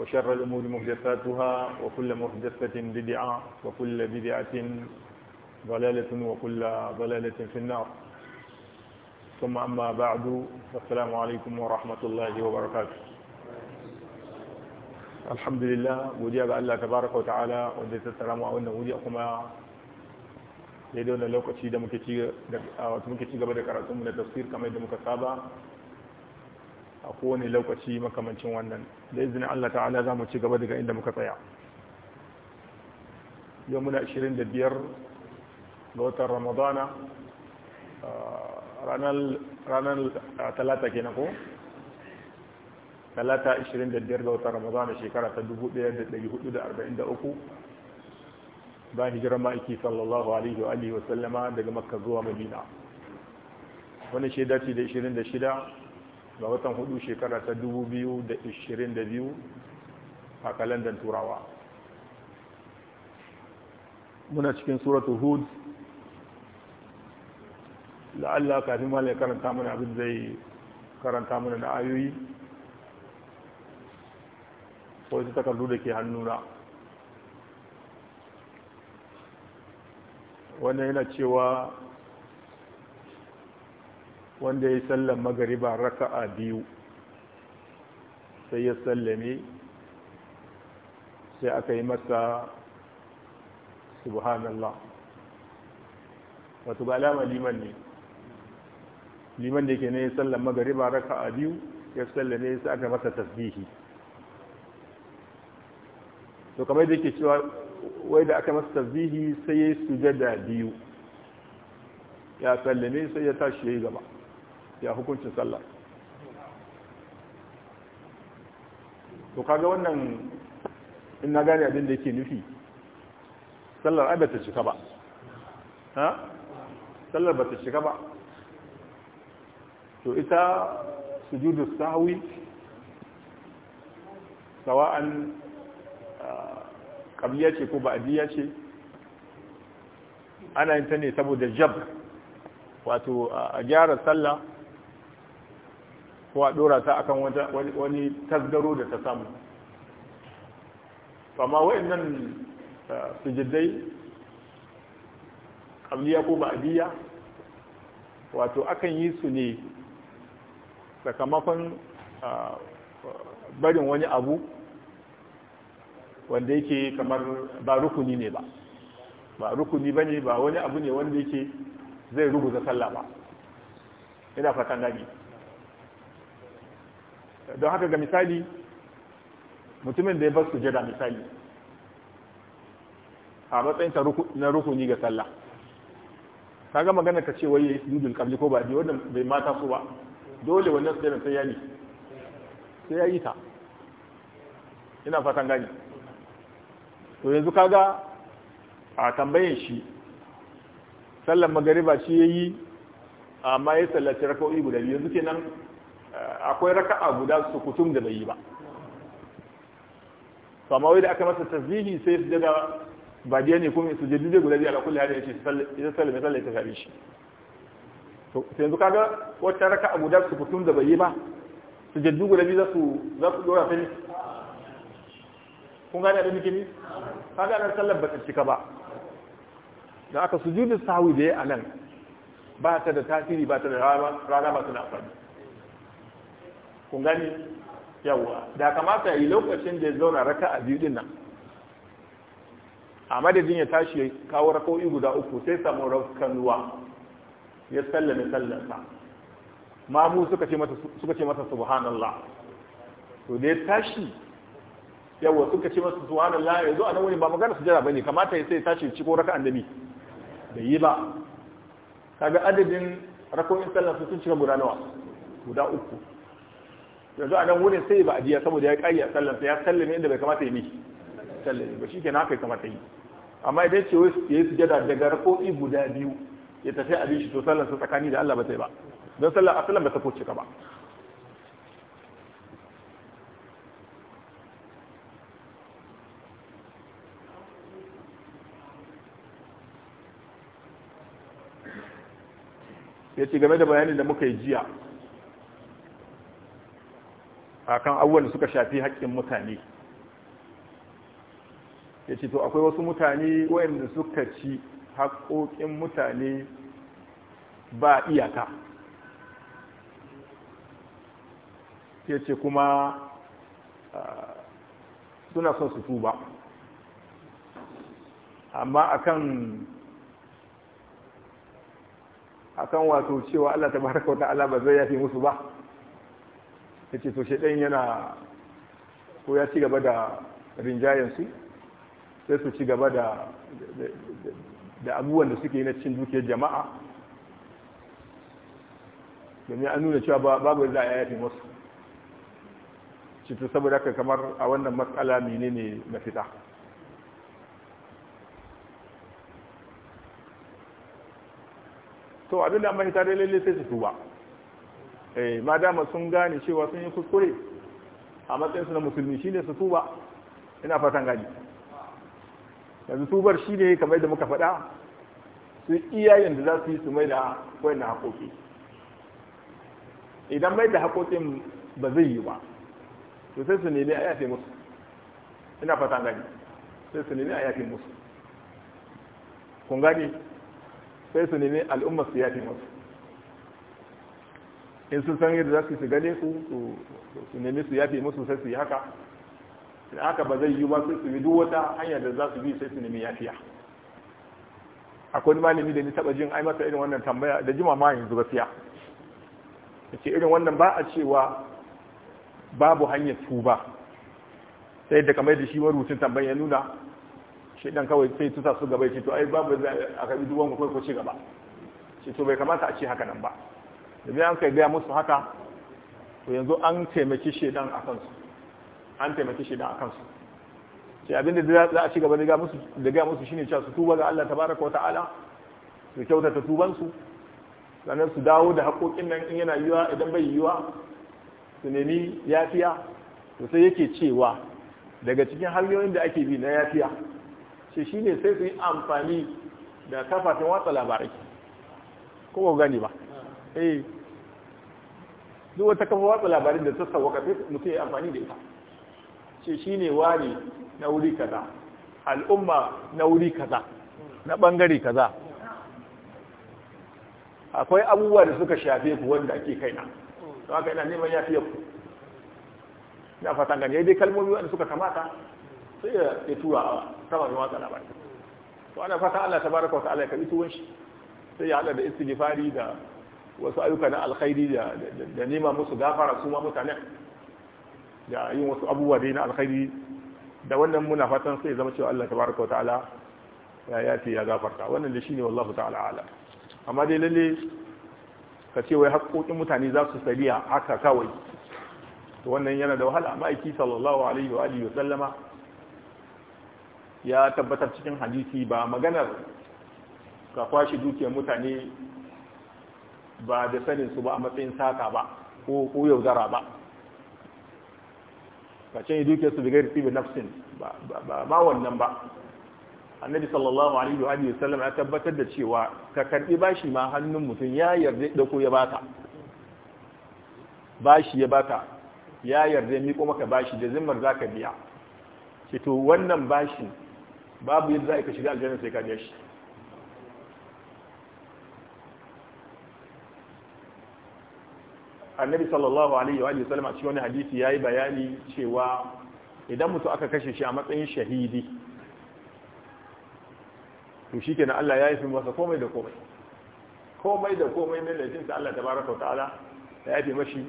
وشر الأمور محدثاتها وكل محدثة بدعة وكل بدعة ضلالة وكل ضلالة في النار ثم أما بعد السلام عليكم ورحمة الله وبركاته الحمد لله وجاء الله تبارك وتعالى وجزت السلام وأنه وجاءكما daidai wannan lokaci da muke ci gaba da karatunmu na tafsir kamar yadda a kowane lokaci makamancin wannan da izinin Allah ta'ala za mu ci gaba daga inda muka tsaya yau muna 25 ga watan ramadana ranar talata na ko talata 25 ga watan ramadana shekara ta 1443 ba hijirar ma'aiki sallallahu alaihi wa sallama daga makka zuwa madina wani shaidaci da 26 ga watan hudu shekara ta dubu biyu a kalandar turawa muna cikin suratu hud la'alla kafin malai karanta mana abin zai karanta mana na ayoyi ko ita takardu da ke hannuna wannan yana cewa wanda ya sallan magariba raka'a biyu sai ya sallame sai aka yi masa subhanallah wato ba alama liman ne liman da ke ne ya sallan magariba raka'a biyu ya sallame sai aka masa tasbihi to kamar da ke cewa wai da aka masa tasbihi sai ya yi sujada biyu ya sallame sai ya tashi ya yi gaba ya hukuncin sallah to kaga wannan in na gane abin da yake nufi sallar ai bata cika ba ha sallar bata shiga ba to ita sujudu sahwi sawa'an kabliya ce ko ba'diya ce ana yin ta ne saboda jab wato a gyara sallah ko dora ta akan wani tasgaro da ta samu amma wayannan eh, sujudai qabliya ko ba ba'diya wato akan yi su ne sakamakon eh, barin wani abu wanda yake kamar ba rukuni ne ba ba rukuni bane ba wani abu ne wanda yake zai rubuta sallah ba ina fatan gani don haka ga misali mutumin da ya bar sujada misali a matsayin ta na rukuni ga sallah ta ga magana ka ce wai yi sujudul qabli ko ba ji wannan bai mata su ba dole wannan sujada sai yayi sai yayi ta ina fatan gani to yanzu kaga a tambayin shi sallar magariba shi ya yi amma ya sallaci rako'i guda biyu yanzu kenan akwai raka'a guda su kutum da bai yi ba to amma wai da aka masa tasbihi sai su daga ba ne kuma su jirgin guda biyu ala kulli hali yace idan sallama sallai ta shafi shi to sai yanzu kaga wata raka'a guda su kutum da bai yi ba su jirgin guda biyu za su za su dora sai kun gane abin da kaga nan sallar ba ta cika ba da aka jirgin sawi da ya anan ba ta da tasiri ba ta da rana ba ta da ku gani yawa da kamata yi lokacin da ya zauna raka a biyu din nan a madadin ya tashi ya kawo raka'o'i guda uku sai samun rakan ruwa ya sallame sallarsa mamu suka ce masa subhanallah to da ya tashi yawa suka ce masa subhanallah zo a nan wani ba magana su jara bane kamata ya sai ya tashi ciko raka an dami bai yi ba kaga adadin raka'o'in sallarsa sun cika guda nawa guda uku yanzu a nan wurin sai ba a jiya saboda ya ƙayya sallansa ya sallame inda bai kamata ya miki sallame ba shi ke na kai kamata yi amma idan ce wai ya yi sujada daga rako'i guda biyu ya tafi abin shi to sa tsakani da Allah ba ta yi ba don sallar a sallar ba ta koce ka ba ya ce game da bayanin da muka yi jiya akan abubuwan suka shafi haƙƙin mutane ya ce to akwai wasu mutane wayanda suka ci haƙoƙin mutane ba iyaka ya ce kuma ah, suna son su tuba amma akan akan wato cewa Allah tabaraka wa ta'ala ba zai yafi musu ba ya ce to shaidan yana ko ya ci gaba da rinjayensu sai su ci gaba da abubuwan da suke yi na cin dukiyar jama'a domin an nuna cewa babu za a yafi wasu cito saboda haka kamar a wannan matsala menene fita. to abinda mafita dai lalle sai su tuba eh ma dama sun gane cewa sun yi kuskure a matsayinsu na musulmi ne su tuba ina fatan gani yanzu tubar shi ne kamar yadda muka faɗa su iyayen da za su yi su mai da na haƙoƙi idan mai da haƙoƙin ba zai yi ba to sai su nemi a yafe musu ina fatan gani sai su nemi a yafe musu kun gani sai su nemi al'ummar su yafe musu in sun san yadda za su gane ku su nemi su yafe musu sai su yi haka in haka ba zai yi ba sai su bi duk wata hanya da za su bi sai su nemi yafiya akwai wani malami da ni taba jin ai masa irin wannan tambaya da jima ma yanzu gaskiya yace irin wannan ba a cewa babu hanyar ba. sai da kamar da shi marubucin tambayar ya nuna shi dan kawai sai tusa su gaba ya to ai babu a kabi duwan ku ko ci gaba shi to bai kamata a ce haka nan ba da bayan kai gaya musu haka to yanzu an taimaki shedan a kansu an taimaki shedan a kansu sai abinda za a ci gaba da musu da gaya musu shine cewa su tuba ga Allah tabaraka wa ta'ala su kyautata tuban su sannan su dawo da haƙoƙin nan in yana yiwa idan bai yiwa su nemi yafiya to sai yake cewa daga cikin hanyoyin da ake bi na yafiya shi shine sai su yi amfani da kafafen watsa labarai ko gani ba eh duk wata kafa watsa labarin da sassa waka sai mutum ya amfani da ita ce ne wani na wuri kaza al'umma na wuri kaza na bangare kaza akwai abubuwa da suka shafe ku wanda ake kaina don haka ina neman fiye ku na fatan gani dai kalmomi wanda suka kamata sai ya tura a saman watsa labarin to ana fata Allah baraka wa ta'ala ya tuwon shi sai ya hada da istighfari da wasu ayyuka na alkhairi da nema musu gafara su ma mutanen da yin wasu abubuwa dai na alkhairi da wannan muna fatan sai zama cewa Allah tabaraka ta'ala ya yafi ya gafarta wannan da shine wallahu ta'ala ala amma dai lalle ka ce wai haƙoƙin mutane za su sariya haka kawai to wannan yana da wahala ma'aiki sallallahu alaihi wa alihi wa sallama ya tabbatar cikin hadisi ba maganar ka kwashi dukiyar mutane ba da sanin su ba a matsayin saka ba ko yaudara ba ba ce duke su bigar tibi nafsin ba ba wannan ba annabi sallallahu alaihi wa alihi sallam ya tabbatar da cewa ka karbi bashi ma hannun mutum ya yarda da ko ya baka bashi ya baka ya yarda mi ko maka bashi da zimmar zaka biya ce to wannan bashin babu yadda za ka shiga aljanna sai ka biya shi annabi sallallahu alaihi wa sallam a cikin wani hadisi yayi bayani cewa idan mutu aka kashe shi a matsayin shahidi to shikenan Allah ya yafi masa komai da komai komai da komai ne laifin sa Allah tabaraka ta'ala ya yafi mashi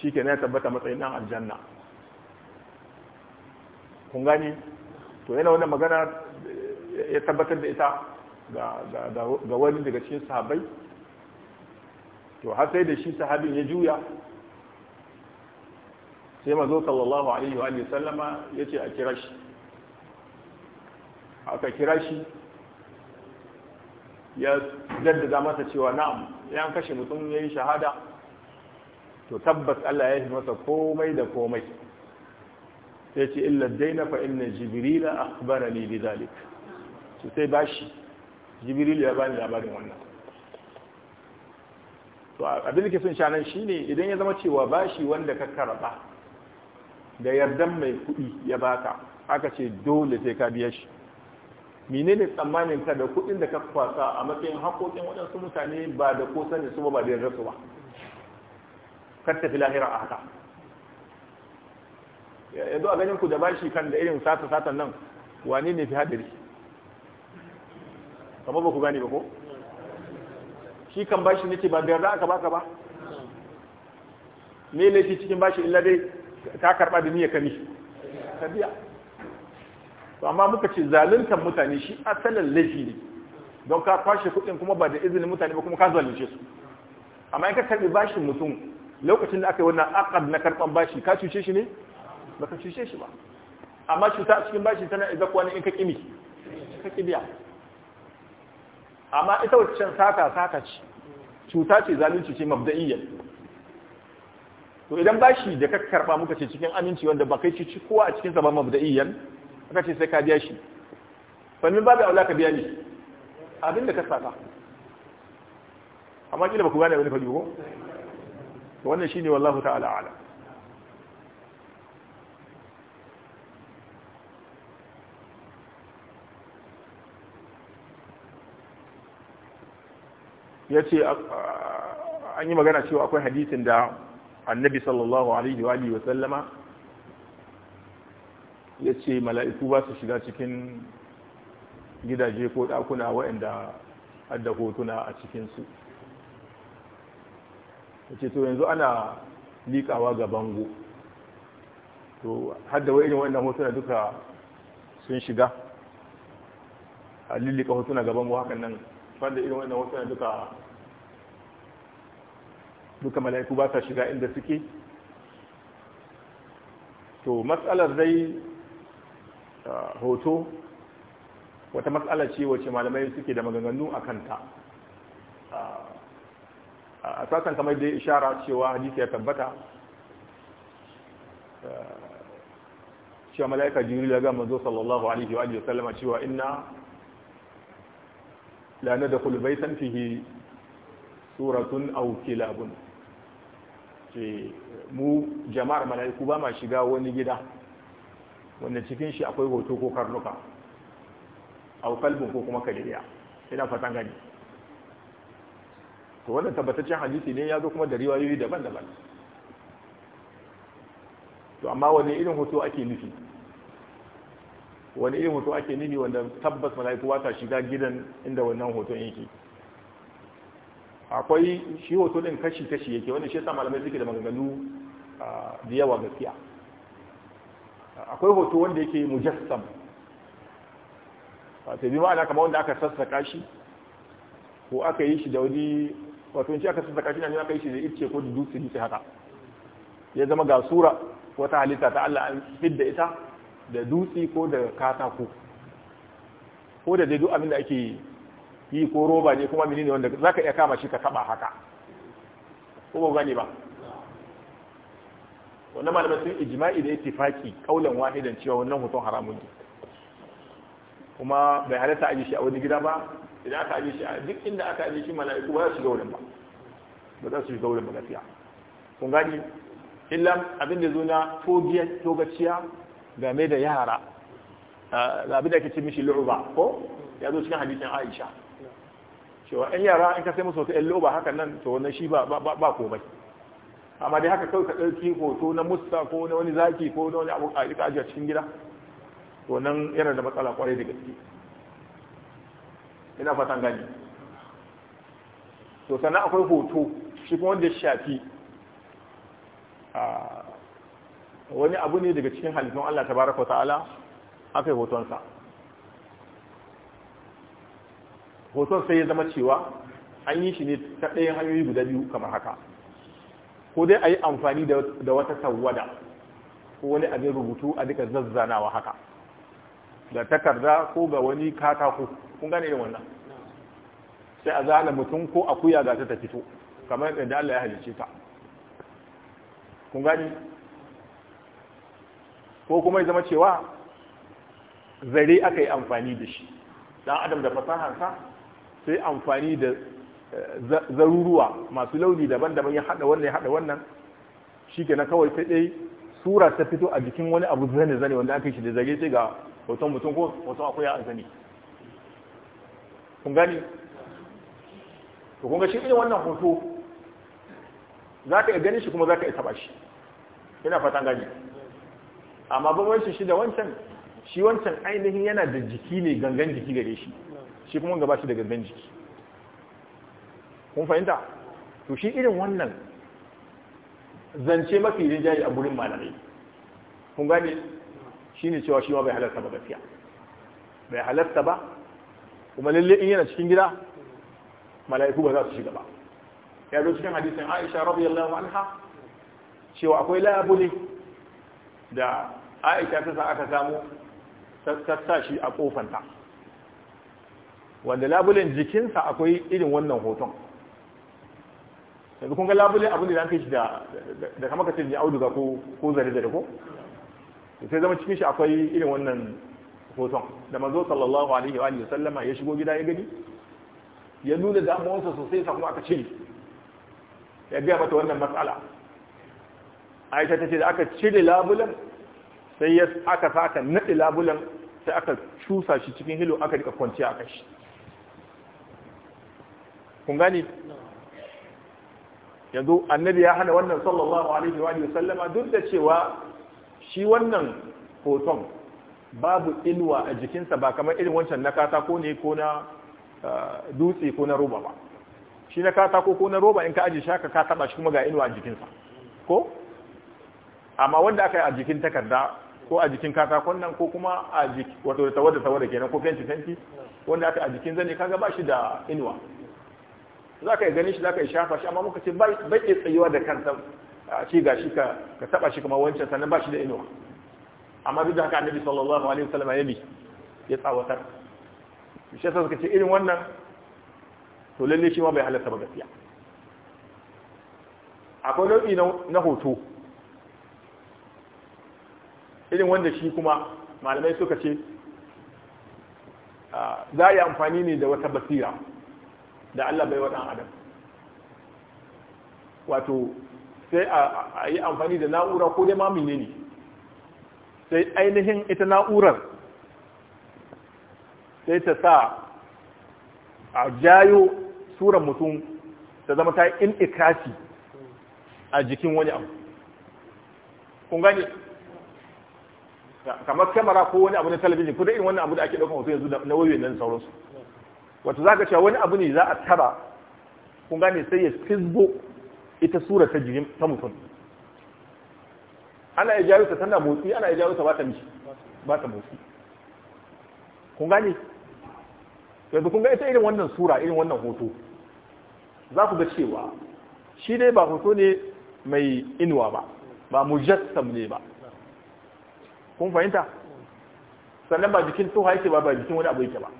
shikenan ya tabbata matsayin dan aljanna kun gani to yana wannan magana ya tabbatar da ita ga wani daga cikin sahabbai to har sai da shi sahabin ya juya sai mazo sallallahu alaihi wa sallama ya ce a kira shi aka kira shi ya jaddada masa cewa na'am ya kashe mutum ya yi shahada to tabbas Allah ya yi masa komai da komai sai ce illa daina fa inna jibrila akhbarani bidhalik to sai bashi jibril ya bani labarin wannan to abin da ke son shanan shine idan ya zama cewa bashi wanda ka karba da yardan mai kuɗi ya baka aka ce dole sai ka biya shi menene tsammanin ka da kuɗin da ka kwasa a matsayin haƙoƙin waɗansu mutane ba da ko sani su ba da yarda su ba kar tafi lahira a haka yanzu a ganin ku da bashi kan da irin sata satan nan wane ne fi hadari kamar ba ku gane ba ko shi kan bashi nake ba biyar da aka baka ba me shi cikin bashi illa dai ka karba da niyyar kani ka biya to amma muka ce zaluntar mutane shi asalin laifi ne don ka kwashe kuɗin kuma ba da izinin mutane ba kuma ka zalunce su amma in ka karbi bashin mutum lokacin da aka yi wannan aqad na karban bashi ka cuce shi ne baka cuce shi ba amma cuta cikin bashi tana izakuwa ne in ka kimi ka kibiya amma ita waccan saka saka ce cuta ce zalunci ce mabda'iyya to idan bashi da ka karba muka ce cikin aminci wanda ba kai ci kowa a cikin sa ba mabda'iyyan aka ce sai ka biya shi fannin babu aula ka biya ni abinda ka saka amma kila ba ku gane wani fadi ko wannan shine wallahu ta'ala a'lam ya ce an yi magana cewa akwai hadisin da annabi sallallahu alaihi wa alihi wa sallama ya ce mala'iku ba su shiga cikin gidaje ko ɗakuna waɗanda adda hotuna a cikinsu ya ce to yanzu ana likawa ga bango to hadda wa irin wannan hotuna duka sun shiga a lillika hotuna ga bango hakan nan amfani da irin wannan wasu duka duka mala'iku ba sa shiga inda suke to matsalar dai hoto wata matsala ce wace malamai suke da maganganu a kanta a sasan kamar da ishara cewa hadisi ya tabbata cewa mala'ika jibril ya ga sallallahu alaihi wa sallama cewa inna la da baytan fihi suratun aw kilabun ce mu jama'ar mala'iku ba ma shiga wani gida wanda cikin shi akwai hoto ko karnuka aw kalbin ko kuma kaliya ina fatan gani to wannan tabbataccen hadisi ne ya zo kuma da riwayoyi daban-daban to amma wani irin hoto ake nufi wani irin hoto ake nini wanda tabbas mala'iku wata shiga gidan inda wannan hoton yake akwai shi hoto din kashi kashi yake wanda shi yasa malamai suke da maganganu da yawa gaskiya akwai hoto wanda yake mujassam a tabi ma'ana kamar wanda aka sassaka shi ko aka yi shi da wani wato in aka sassaka shi ne aka yi shi da ice ko da dutse dutse haka ya zama ga sura wata halitta ta Allah an fidda ita da dutse ko da katako ko da dai duk abin da ake yi ko roba ne kuma menene wanda zaka iya kama shi ka taba haka ko ba gane ba wannan malamai sun ijma'i da ittifaki kaulan wahidan cewa wannan hoton haramun ne kuma bai halatta aje shi a wani gida ba idan aka aje shi a duk inda aka aje shi mala'iku ba za su shiga wurin ba ba za su shiga wurin ba gaskiya kun gani illa abin da zo na togaciya game da yara abin da ke ce mishi lu'uba ko ya zo cikin hadisin aisha cewa ɗan yara in ka sai musu wata lu'uba haka nan to wannan shi ba komai amma dai haka kawai ka ɗauki hoto na musta ko na wani zaki ko na wani abu a rika ajiya cikin gida to nan yana da matsala kwarai da gaske ina fatan gani to sannan akwai hoto shi kuma wanda shafi wani abu ne daga cikin halittun Allah ta baraka ta'ala aka yi hotonsa hoton sai ya zama cewa an yi shi ne ta ɗayan hanyoyi guda biyu kamar haka ko dai a yi amfani da wata tawada ko wani abin rubutu a duka zazzanawa haka da takarda ko ga wani katako kun gane irin wannan sai a zana mutum ko akuya ga ta fito kamar yadda Allah ya halice ta kun gani ko kuma ya zama cewa zare aka yi amfani da shi dan adam da fasahansa sai amfani da eh, zaruruwa masu launi daban-daban ya hada wannan ya hada wannan Shi ke na kawai sai dai sura ta fito a jikin wani abu zane zane wanda aka yi shi da zare sai ga hoton mutum ko hoton akwai a zane kun gani to kun ga shi irin wannan hoto za ka iya ganin shi kuma za ka iya taba shi ina fatan gani amma wancan shi da wancan shi wancan ainihin yana da jiki ne gangan jiki gare shi shi kuma gaba shi da gangan jiki kun fahimta to shi irin wannan zance mafi rinjaye a gurin malamai kun gane shi ne cewa shi ma bai halarta ba gaskiya bai halarta ba kuma lalle in yana cikin gida mala'iku ba za su shiga ba ya zo cikin hadisin aisha radiyallahu anha cewa akwai labule da aisha ta sa aka samu ta shi a kofanta wanda labulen jikinsa akwai irin wannan hoton yanzu kunga labulin abin da an kai shi da kama kamar kacin ya auduga ko ko zare da ko sai zama cikin shi akwai irin wannan hoton da mazo sallallahu alaihi wa alihi sallama ya shigo gida ya gani ya nuna damuwarsa sosai sa kuma aka cire ya biya mata wannan matsala aisha ta ce da aka cire labulen sai ya aka sa aka naɗi labulan sai aka cusa shi cikin hilo aka rika kwanciya a kashi kun gani yanzu annabi ya hana wannan sallallahu alaihi wa sallama duk da cewa shi wannan hoton babu inuwa a jikinsa ba kamar irin wancan na katako ne ko na uh, dutse ko na roba ba shi na katako ko na roba in ka aji shaka ka taba shi kuma ga inuwa a jikinsa ko amma wanda aka yi a jikin takarda ko a jikin katakon nan ko kuma a jiki wato da tawada tawada kenan ko fenti fenti wanda aka a jikin zane kaga ba shi da inuwa za ka yi ganin shi za ka yi shafa shi amma muka ce bai ke tsayuwa da kansa a ci ga shi ka taba shi kuma wancan sannan ba shi da inuwa amma duk da haka annabi sallallahu alaihi wasallam ya bi ya tsawatar shi yasa suka ce irin wannan to lalle shi ma bai halatta ba gaskiya akwai nau'i na hoto irin wanda shi kuma malamai suka ce ah, za a yi amfani ne da wata basira da Allah bai waɗan adam wato sai a yi amfani da na'ura ko dai mamine ne sai ainihin ita na'urar sai ta sa a jayo tsoron mutum ta zama ta in ikasi a jikin wani abu kun gani kamar kamera ko wani abu na talabijin ko da irin wannan abu da ake daukan hoto yanzu na wayoyin nan sauransu wato za ka cewa wani abu ne za a tara kun gane sai ya fizbo ita sura ta jikin ta mutum ana ya jawo ta tana motsi ana ya jawo ta ba ta mishi ba ta motsi kun gane yanzu kun ga ita irin wannan sura irin wannan hoto za ku ga cewa shi dai ba hoto ne mai inuwa ba ba mujassam ne ba kun fahimta sannan ba jikin tsoha yake ba ba jikin wani abu yake ba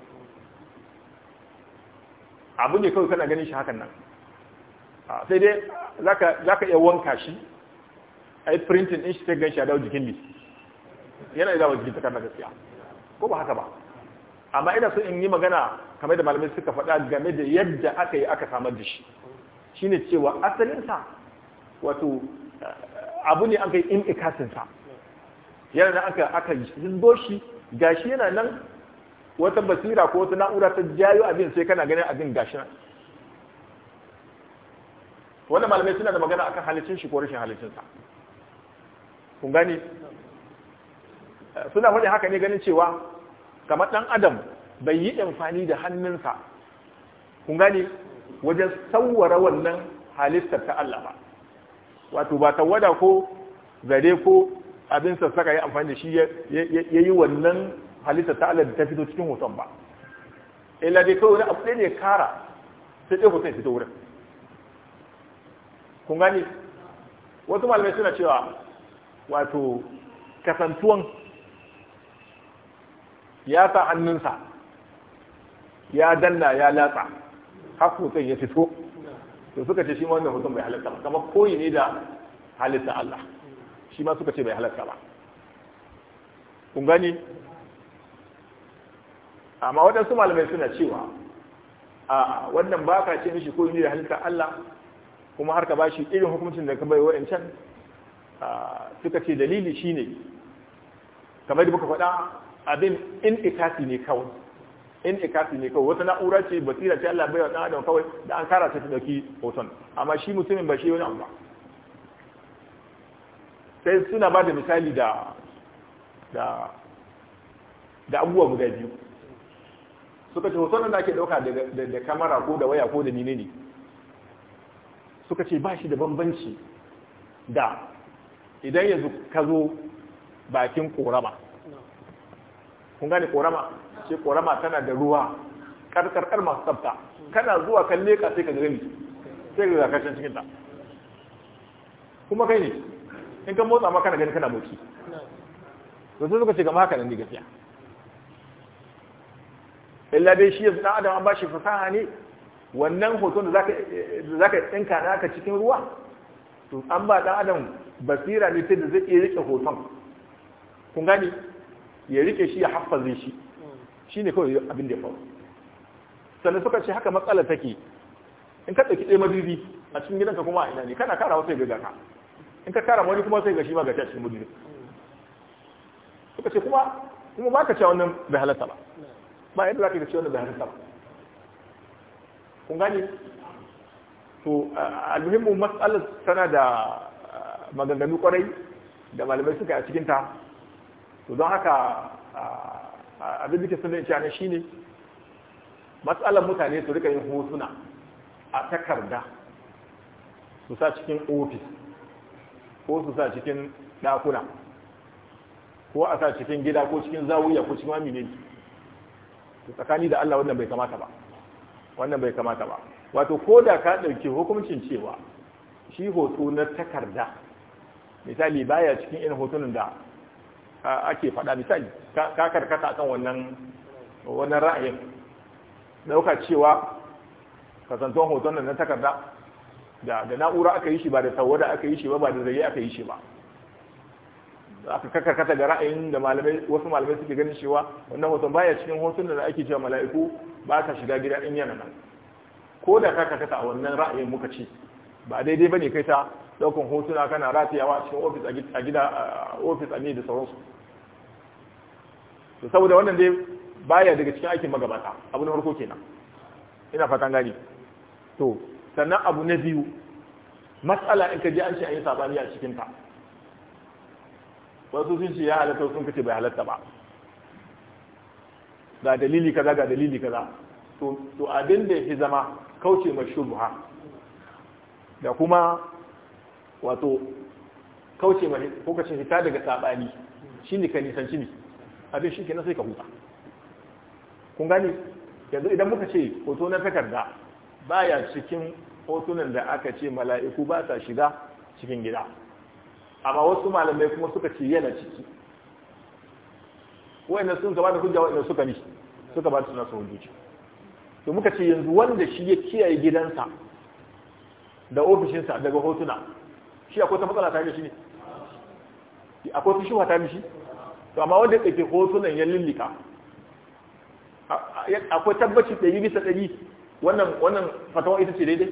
abu ne kawai kana ganin shi hakan nan sai dai za ka iya wanka shi a yi printin ɗin shi sai gan shi a dawo jikin ne yana yi dawo jikin ta karna gaskiya ko ba haka ba amma ina so in yi magana kamar da malamai suka faɗa game da yadda aka yi aka samar da shi shine cewa asalinsa wato abu ne an kai in ikasinsa yana nan aka aka zindo shi gashi yana nan wata basira ko wata na'ura ta jayo abin sai kana ganin abin gashi nan wannan malamai suna da magana akan halicin shi ko rashin halicin sa kun gani suna faɗi haka ne ganin cewa kamar ɗan adam bai yi amfani da hannunsa kun gani wajen sauwara wannan halittar ta Allah ba wato ba tawada ko zare ko abin sassaka ya amfani da shi ya yi wannan halitta ta Allah da ta fito cikin hoton ba illa dai kawai wani abu ɗaya ne kara sai ɗaya hoton ya fito wurin kun gani wasu malamai suna cewa wato kasantuwan ya sa hannunsa ya danna ya latsa har hoton ya fito to suka ce shi wannan hoton bai halitta ba kamar koyi ne da halitta Allah shi ma suka ce bai halatta ba kun gani amma waɗansu malamai suna cewa a wannan ba ka ce mishi ko yi da halitta Allah kuma har ka ba shi irin hukuncin da ka bai wa'ancan suka ce dalili shine kamar da muka faɗa abin in ikasi ne kawai in ikasi ne kawai wata na'ura ce basira ce Allah bai wa ɗan adam kawai da an kara ta ta ɗauki hoton amma shi musulmin ba shi wani abu ba sai suna ba da misali da da da abubuwa guda biyu suka ce hoton da ake dauka da kamara ko da waya ko da nine ne suka ce ba shi da bambanci da idan yanzu ka zo bakin korama kun gane korama ce korama tana da ruwa karkarkar masu tsafta kana zuwa kan leka sai ka gani sai ga zakashin cikinta kuma kai ne in ka motsa ma kana gani kana motsi to sai suka ce gama haka nan ne gaskiya illa dai shi yanzu adam an bashi fasaha ne wannan hoton da zaka tsinka aka cikin ruwa to an ba dan adam basira ne sai da zai iya rike hoton kun gani ya rike shi ya haffaze shi shine kawai abin da ya faru sannan suka ce haka matsala take in ka ɗauki ɗaya madubi a cikin gidanka kuma a ina ne kana kara wasu ya gaga ka in ka kara wani kuma sai ga shi ma ga ta cikin mudulin suka ce kuma kuma ba ka ce wannan bai halatta ba ba yadda za ka ce wannan bai halatta ba kun gani to almuhimmu matsalar tana da maganganu kwarai da malamai suka yi a cikinta to don haka abin da ke sanar cewa ne shine matsalar mutane su rika yin hotuna a takarda su sa cikin ofis ko su sa cikin ɗakuna ko a sa cikin gida ko cikin zawuya ko cikin wani tsakani da Allah wannan bai kamata ba wannan bai kamata ba wato ko da ka ɗauki hukuncin cewa shi hoto na takarda misali baya cikin irin hotunan da ake faɗa misali ka karkata kan wannan wannan ra'ayin ɗauka cewa kasantuwan hoton na takarda da na'ura aka yi shi ba da tawada aka yi shi ba ba da zai aka yi shi ba aka kakarkata ga ra'ayin da malamai wasu malamai suke ganin cewa wannan hoton baya cikin hotunan da ake cewa mala'iku ba ka shiga gida in yana nan ko da ka karkata a wannan ra'ayin muka ce ba daidai ba ne kai ta daukan hotuna kana ratiyawa a cikin ofis a gida ofis a ne da sauransu to saboda wannan dai baya daga cikin aikin magabata abu na farko kenan ina fatan gani to sannan abu na biyu matsala in ka ji an ce an yi sabani a cikinta wasu sun ce ya halatta sun kace bai halatta ba ga dalili kaza ga dalili kaza to abin da ya zama kauce mai shubha da kuma wato kauce mai lokacin fita daga sabani shine ka nisanci ne abin shi kenan sai ka huta kun gani yanzu idan muka ce hoto na takarda baya cikin hotunan da aka ce mala'iku ba sa shiga cikin gida amma wasu malamai kuma suka ce yana ciki wa'anda sun gaba da hujja ina suka ni suka ba su na sojoji to muka ce yanzu wanda shi ya kiyaye gidansa da ofishinsa daga hotuna shi akwai ta matsala tare da shi ne akwai fushuwa wata mishi to amma wanda ya hotunan ya lullika akwai tabbaci ɗari bisa ɗari wannan wannan fatawa ita ce daidai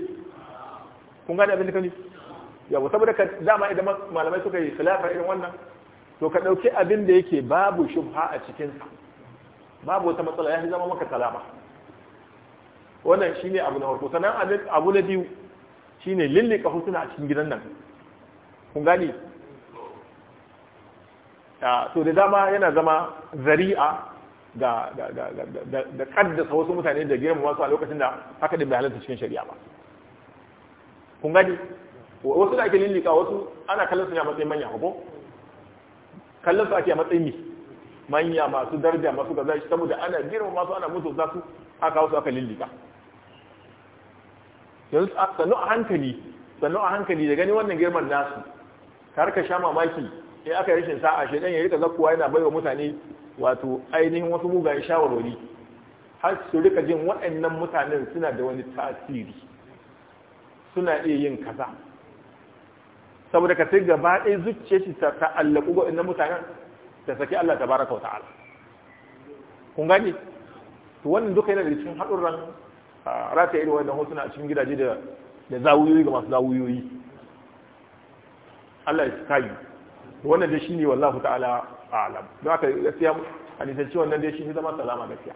kun gane abin da kani yawa saboda ka dama idan malamai suka yi khilafa irin wannan to ka dauki abin da yake babu shubha a cikin babu wata matsala ya zama maka salama wannan shine abu na farko sannan abu na biyu shine lillika hotuna a cikin gidan nan kun gani ah, to da dama yana zama zari'a da da kaddasa wasu mutane da girma wasu a lokacin da haka da bai halatta cikin shari'a ba kun gani wasu da ake lillika wasu ana kallon su ne a matsayin manya hako? kallon su ake a matsayin mi manya masu daraja masu gaza shi saboda ana girma masu ana mutu za su aka wasu aka lillika yanzu sannu a hankali sannu a hankali da gani wannan girman nasu har ka sha mamaki in aka yi rashin sa'a shi dan ya rika zakkuwa yana baiwa mutane wato ainihin wasu mugayen shawarwari har su rika jin waɗannan mutanen suna da wani tasiri suna iya yin kaza saboda ka sai gaba ɗaya zuciya shi ta ta'allaku ga waɗannan mutanen ta saki Allah ta baraka wa ta'ala kun gani. to wannan duka yana da cikin haɗurran rata irin wannan hotuna a cikin gidaje da da zawuyoyi ga masu zawuyoyi Allah ya kayi wannan da shine wallahi ta'ala alam don haka gaskiya a nisanci wannan dai shi zama salama gaskiya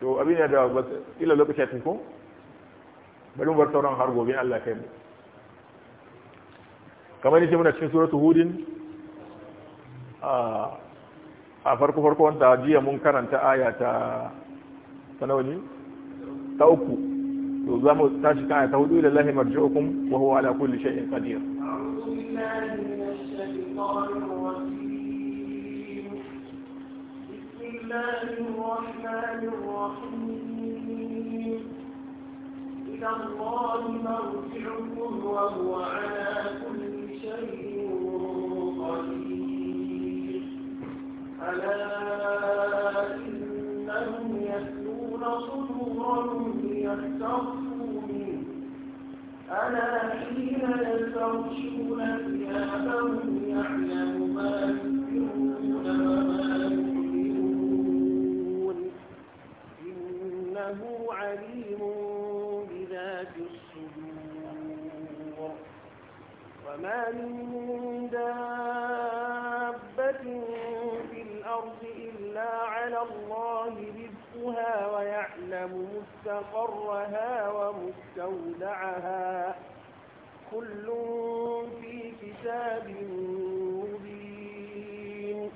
to abin da ila lokacin ta ko bari mu bar sauran har gobe Allah kai mu kamar ce muna cikin suratul hudin a farko farko wanda jiya mun karanta aya ta sanawani ta uku to za mu tashi kan aya ta hudu ila lahi marji'ukum wa huwa ala kulli shay'in qadir a'udhu billahi بسم الله الرحمن الرحيم إلى الله مرجعكم وهو على كل شيء قدير ألا إنهم منه ألا حين يستغشون ثيابهم يعلم ما يسرون وما يعلنون إنه عليم بذات الصدور وما من دابة في الأرض إلا على الله رزقها ويعلم مستقرها ومستودعها كل في كتاب مبين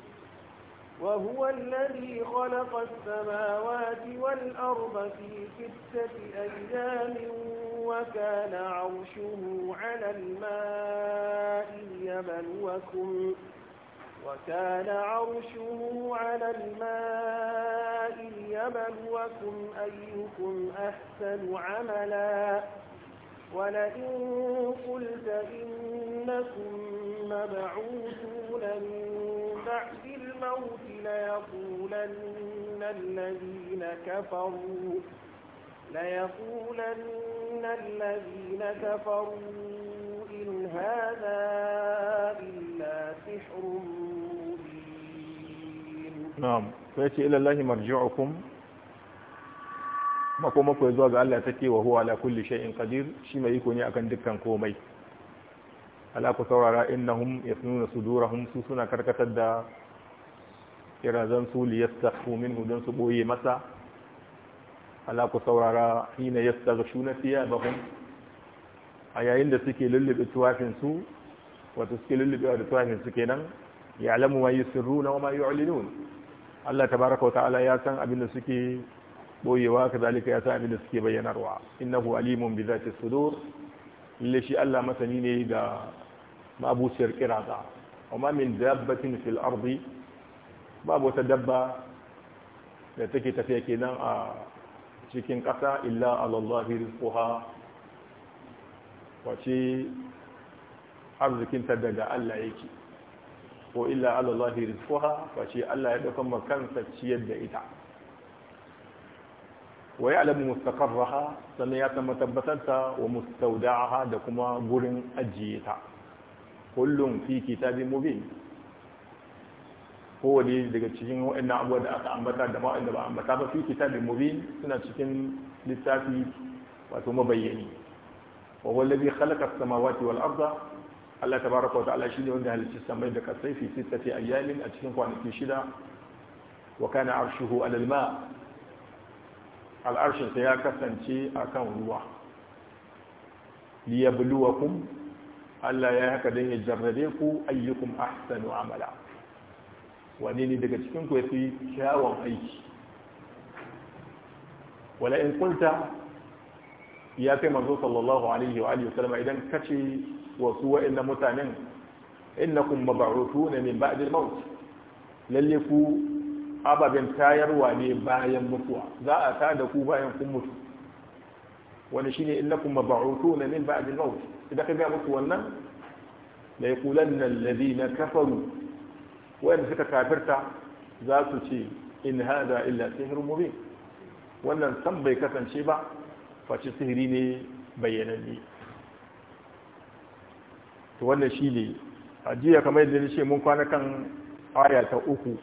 وهو الذي خلق السماوات والأرض في ستة أيام وكان عرشه على الماء ليبلوكم وكان عرشه على الماء ليبلوكم أيكم أحسن عملاً ولئن قلت إنكم مبعوثون من بعد الموت ليقولن الذين كفروا ليقولن الذين كفروا إن هذا إلا سحر مبين نعم فيأتي إلى الله مرجعكم makoma ya zuwa ga Allah ta ke wa huwa ala kulli shay'in qadir shi mai iko ne akan dukkan komai ala ku saurara innahum yasnuna sudurahum su suna karkatar da irazan su li yastakhfu minhu dan su boye masa ala ku saurara hina yastaghshuna thiyabahum a yayin da suke lullube tuwafin su wato suke lullube da tuwafin su kenan ya'lamu ma yusirruna wa ma yu'linun Allah tabaaraka wa ta'ala ya san abin da suke boyewa kazalika ya sa abin da suke bayyanarwa innahu alimun bi zati sudur lalle shi Allah masani ne ga mabuciyar kiraza. amma min dabbatin fil ardi babu wata dabba da take tafiya kenan a cikin ƙasa illa alallahi rizquha wace arzikinta daga Allah yake ko illa alallahi rizquha wace Allah ya dauka kansa ciyar da ita Wai alamu mustaqarraha sannan ya san matabbatarta wa mustaudaha da kuma gurin ajiyeta, kullum fi kitabin mubin kowane daga cikin waɗannan abubuwa da aka ambata da ma'an da ba ambata ba fi kitabin mubin suna cikin littafi wato mabayyani wa wallazi khalaqa as-samawati wal arda Allah tabaraka wa ta'ala shine wanda halicci samai da kasai fi sittati ayyalin a cikin kwanaki shida wa kana arshuhu alal ma' al'arshinsa ya kasance a kan ruwa kun, Allah ya haka don ya jarrabe ku ayyukun ahsanu amala wani ne daga cikin ku yafi kyawun aiki wala in kunta ya kai manzo sallallahu alaihi wa alihi idan kace wasu wa'annan mutanen innakum mab'uthuna min ba'd al-maut lalle ku ababen tayarwa ne bayan mutuwa za a ta da ku bayan kun mutu wani shine innakum na min ba'd al-maut idan ka ga mutu wannan la yaqulanna alladhina kafaru wanda suka kafirta za su ce in hada illa sihrun mubin wannan san bai kasance ba face sihiri ne bayyananne to wannan shine ajiya kamar yadda nace mun kwana kan aya ta uku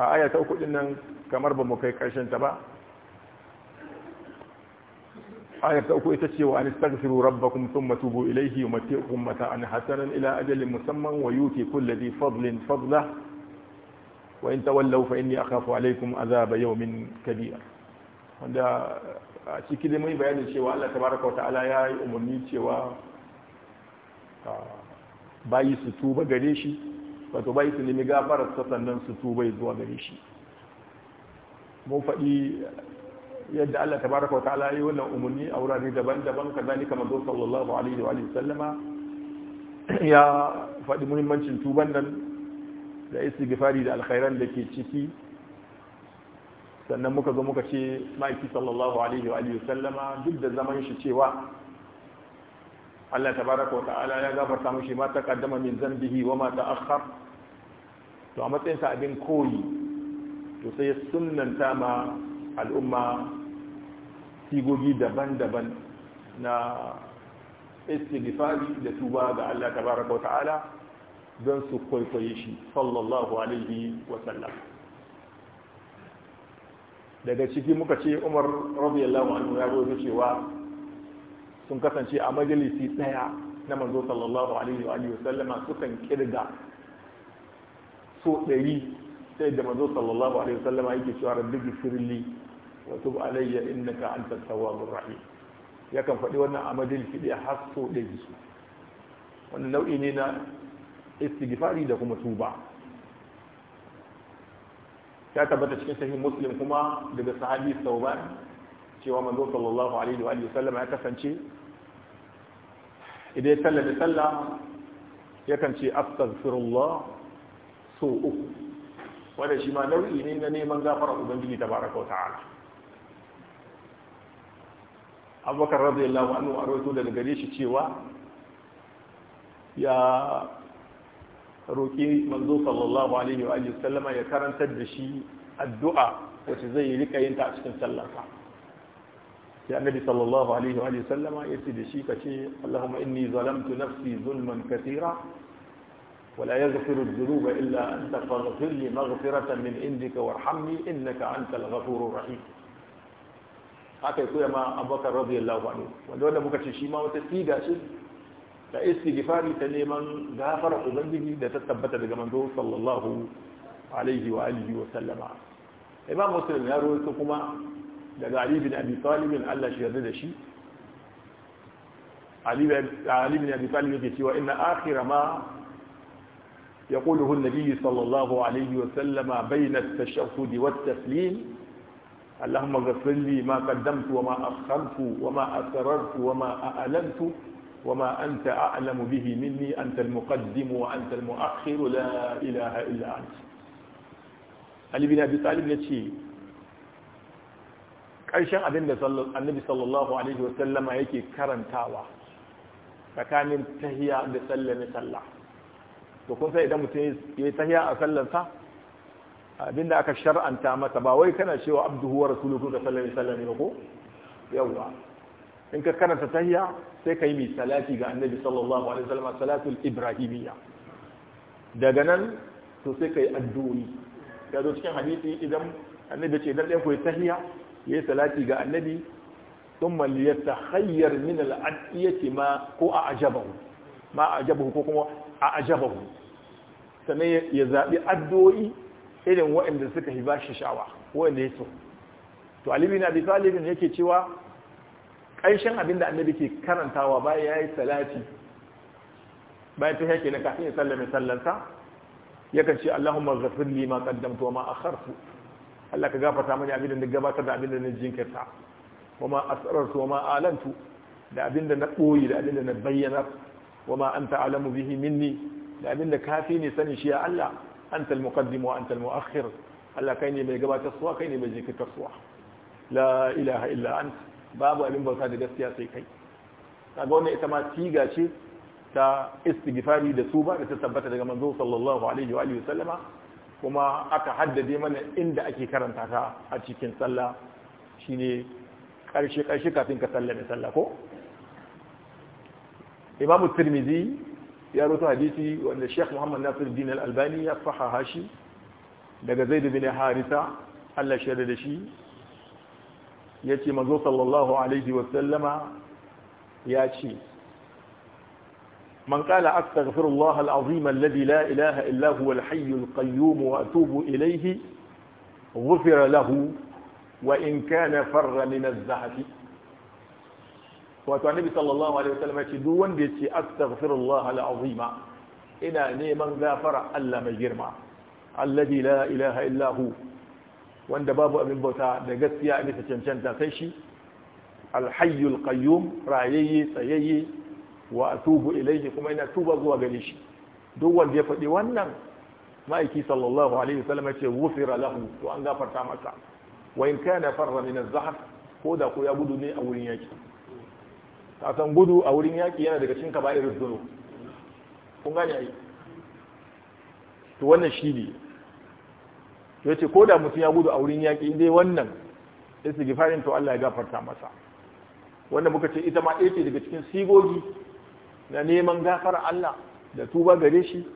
a ta uku nan kamar ba mu kai karshen ta ba ta uku ita ce wa an astaghfiru rabbakum thumma tubu ilayhi yumati'ukum mata'an hasanan ila ajalin musamman wa yuti kulli dhi fadlin fadlah wa in tawallaw fa inni akhafu alaykum azaba yawmin kabir wanda a ciki da mai bayanin cewa Allah tabaraka wa ta'ala ya yi umarni cewa ah, bayi su tuba gare shi wato bai su limi gafarar ta sannan su tuba zuwa gare shi mun faɗi yadda Allah Ta wa ta'ala yi wannan umarni a wurare daban-daban ka kamar zo, sallallahu alaihi wa sallama ya faɗi muhimmancin tuban nan da gifari da alkhairan da ke ciki sannan muka zo muka ce ma'aiki sallallahu alaihi wa sallama duk da zaman shi cewa Allah tabaraka wa ta'ala ya gafarta mushi ma ta kaddama min zambihi wa ma ta'akhkhar to a matsayin sa abin koyi to sai ya sunnanta ma al'umma sigogi daban-daban na istighfari da tuba ga Allah tabaraka wa ta'ala don su kwaikwaye shi sallallahu alaihi wa sallam daga ciki muka ce Umar radiyallahu anhu ya gode cewa sun kasance a majalisi daya na manzo sallallahu alaihi wa alihi wasallama sukan kirga so dari sai da manzo sallallahu alaihi wasallama yake cewa rabbi sirli wa tub alayya innaka antat tawwabur rahim yakan faɗi wannan a majalisi daya har so ɗari wannan nau'i ne na istighfari da kuma tuba Ya tabbata cikin sahih muslim kuma daga sahabi sauban cewa manzo sallallahu alaihi wa sallam ya kasance idan ya da sallah yakan ce astaghfirullah so uku wanda shi ma nau'i ne na neman gafara ubangiji tabaraka wa ta'ala abubakar radiyallahu anhu a rawaito daga gare shi cewa ya roƙi manzo sallallahu alaihi wa sallama ya karantar da shi addu'a wacce zai rika yin ta a cikin sallarsa sai annabi sallallahu alaihi wa sallama ya ce da shi ka ce Allahumma inni zalamtu nafsi zulman kathira ولا يغفر الذنوب إلا أنت فاغفر لي مغفرة من عندك وارحمني إنك haka ma abubakar radiyallahu anhu wanda wanda muka ce shi ma wata siga ce ta istighfari ta neman gafara ubangiji da ta tabbata daga manzo sallallahu alaihi wa alihi wa sallama imam muslim ya rawaito kuma daga ali bin abi talibin Allah shi yarda da shi ali bin abi talib yake cewa inna akhira ma yaquluhu an-nabi sallallahu alaihi wa sallama bayna at-tashahhud wa at-taslim اللهم اغفر لي ما قدمت وما أخرت وما أسررت وما أعلنت وما أنت أعلم به مني أنت المقدم وأنت المؤخر لا إله إلا أنت علي بن أبي طالب يقول ƙarshen abin da annabi sallallahu alaihi wasallama yake karantawa tsakanin tahiya da sallami sallah to kun sai idan mutum ya yi tahiya a sallansa da aka shar'anta masa ba wai kana cewa abduhu wa rasuluhu da sallami sallami ba ko yawwa in ka karanta tahiya sai ka yi mai salati ga annabi sallallahu alaihi wasallama salatul ibrahimiyya daga nan to sai ka yi addu'o'i ya zo cikin hadisi idan annabi ce dan ɗaya ku yi tahiya ya yi salati ga annabi sun maliyar ta hanyar min al'adiyyati ma ko a ajabahu ma a ajabahu ko kuma a ajabahu sannan ya zaɓi addu'o'i irin waɗanda suka yi bashi sha'awa waɗanda ya so to alibi na bi talibin yake cewa ƙarshen abin da annabi ke karantawa bayan ya yi salati bayan ta yake na kafin ya sallame sallansa yakan ce allahumma ghafir ma qaddamtu wa ma akhartu Allah ka gafarta mani abin da na gabatar da abin da na jinkirta kuma asrartu wa ma alantu da abin da na ɓoyi da abin da na bayyana wa ma ta'ala mu bihi minni da abin da kafi ne sani shi ya Allah an al-muqaddim wa an al-mu'akhir Allah kai ne mai gabatar suwa kai ne mai jinkirtar suwa la ilaha illa ant babu abin bauta da gaskiya sai kai kaga wannan ita ma tiga ce ta istighfari da tuba da ta tabbata daga manzo sallallahu alaihi wa alihi kuma aka haddade mana inda ake karanta ta a cikin sallah shine ƙarshe-ƙarshe kafin ka da sallah ko imamu turmizi ya rawaito hadisi wanda Sheikh Muhammad Nasir Al-Albani ya faha hashi. daga zai dubi na Harisa Allah shaida da shi Ya ce manzo sallallahu alaihi wa ya ce من قال أستغفر الله العظيم الذي لا إله إلا هو الحي القيوم وأتوب إليه غفر له وإن كان فر من الزهد وتعالى النبي صلى الله عليه وسلم يقول أستغفر الله العظيم إنا نيمن غافر ألا مجرما الذي لا إله إلا هو وان باب أبن بوتا دقت يا أبي الحي القيوم رأيي سيئي wa atubu ilaihi kuma ina tuba zuwa gare shi duk wanda ya faɗi wannan ma'aiki sallallahu alaihi wasallam ya ce wufira lahu to an gafarta masa wa in kana farra min az zahr ko da ko ya gudu ne a wurin yaki ka san gudu a wurin yaki yana daga cikin az dhunub kun gane ai to wannan shi ne yace ko da mutum ya gudu a wurin yaki inda wannan istighfarin to Allah ya gafarta masa wanda muka ce ita ma ɗaya ce daga cikin sigogi Na neman gafar Allah da tuba gare shi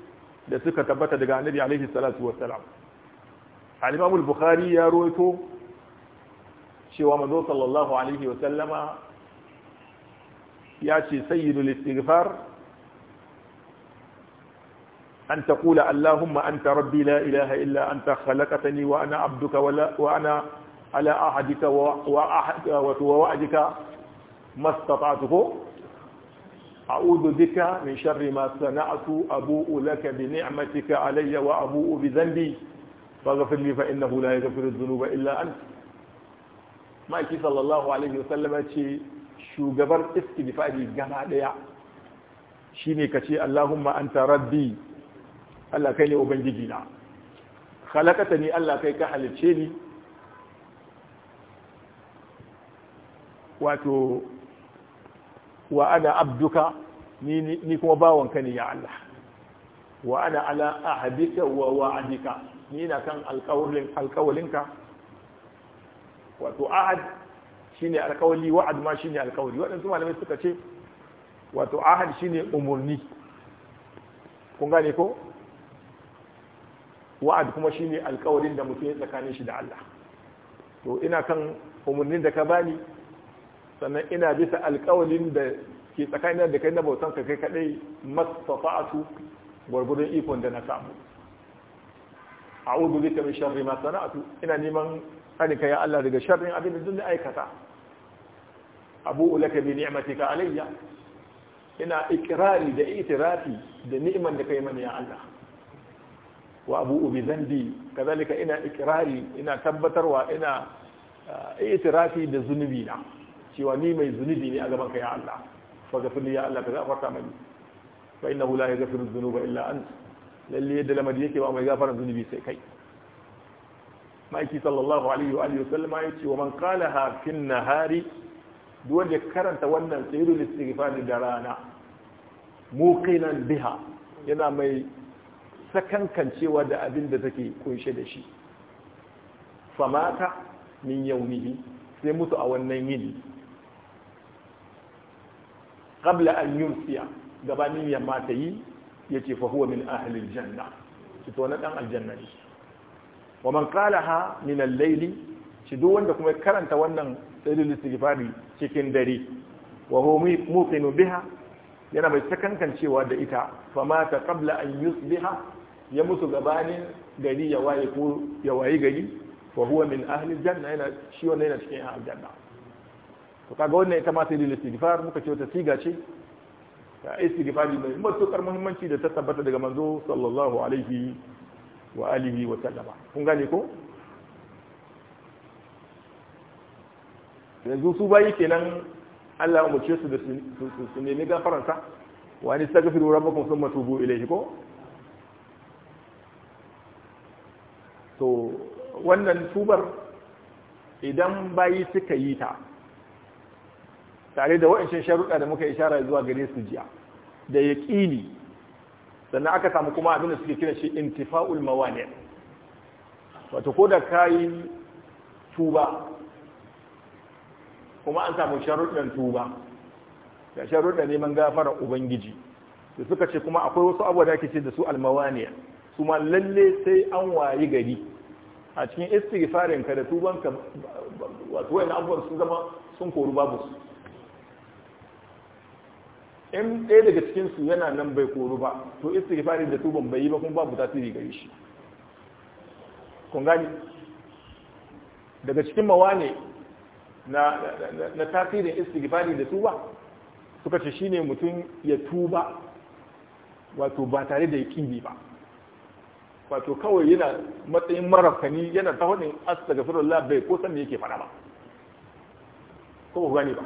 da suka tabbata daga annabi alaihi salatu wassalam al-imam al-bukhari ya rawaito cewa manzo sallallahu alaihi wasallama ya ce sayyidul istighfar أن تقول اللهم أنت ربي لا إله إلا أنت خلقتني وأنا عبدك ولا وأنا على أحدك ووعدك ما استطعته أعوذ بك من شر ما صنعت أبوء لك بنعمتك علي وأبوء بذنبي فاغفر لي فإنه لا يغفر الذنوب إلا أنت ما يكي صلى الله عليه وسلم شو قبر جبر استغفاري جمع ليا شيني كشي اللهم أنت ربي ألا كيني أبنجينا خلقتني ألا كي كحل تشيني واتو wa ana abduka ni kuma bawanka ne ya Allah wa ana ala ahadika wa wa'adika ni na kan alkawalinka wato ahad shine alkawali wa'ad ma shine alkawali waɗansu malamai suka ce wato ahad shine umurni kun gane ko wa'ad kuma shine alkawalin da mutum ya tsakanin shi da Allah to ina kan umurnin da ka bani sannan ina bisa alƙawalin da ke tsakanin da kai na bautan ka kai kadai mastafa'atu gwargwadon ikon da na samu a'udhu bika min sharri ma sana'tu ina neman tsari ya Allah daga sharrin abin da duk aikata abu ulaka bi ni'matika alayya ina ikrari da itirafi da ni'man da kai mani ya Allah wa abu bi zambi kazalika ina ikrari ina tabbatarwa ina eh, itirafi da zunubi na cewa ni mai zunubi ne a gaban ka ya Allah faghfir ya Allah ka gafarta mani fa innahu la yaghfiru dhunuba illa ant lalle yadda lamari yake ba mai gafara zunubi sai kai maiki sallallahu alaihi wa alihi wasallam ya ce wa man ha fin nahari duk wanda karanta wannan sayyidul istighfar da rana muqinan biha yana mai sakankancewa da abin da take kunshe da shi famata min yaumihi sai mutu a wannan yini qabla an yumsiya gabanin ya mata yi ce fa huwa min ahli janna shi to na dan aljanna ne wa man qalaha min al-layl shi duk wanda kuma karanta wannan sayyidul istighfari cikin dare wa huwa muqinu biha yana mai cewa da ita fa mata qabla an yusbiha ya mutu gabanin gari ya waye ko ya waye gari fa huwa min ahli janna yana shi wannan yana cikin aljanna to kaga wannan ita ma sai da istighfar muka ce wata siga ce ta istighfari mai matukar muhimmanci da ta tabbata daga manzo sallallahu alaihi wa alihi wa sallama kun gane ko yanzu su bayi kenan Allah ya umarce su da su nemi gafaransa wa ni sagafiru rabbakum thumma tubu ilayhi ko to wannan tubar idan bayi suka yi ta tare da wa'ancin sharuɗa da muka ishara zuwa gare su jiya da ya ƙini sannan aka samu kuma abin da suke kira shi intifa'ul mawani wata ko da kai tuba kuma an samu sharuɗan tuba da sharuɗa neman gafara ubangiji da suka ce kuma akwai wasu abuwa da ke ce da su almawaniya su ma lalle sai an wayi gari a cikin istighfarin da tubanka, wasu wato wayan abubuwan sun zama sun koru babu su in ɗaya daga cikin su yana nan bai koru ba to istighfari da tuban bai yi ba kuma babu tasiri gare shi kun gani daga cikin mawane na na tasirin istighfari da tuba suka ce shine mutum ya tuba wato ba tare da ya yaƙini ba wato kawai yana matsayin marafkani yana ta hudun astaghfirullah bai ko san me yake fara ba ko gani ba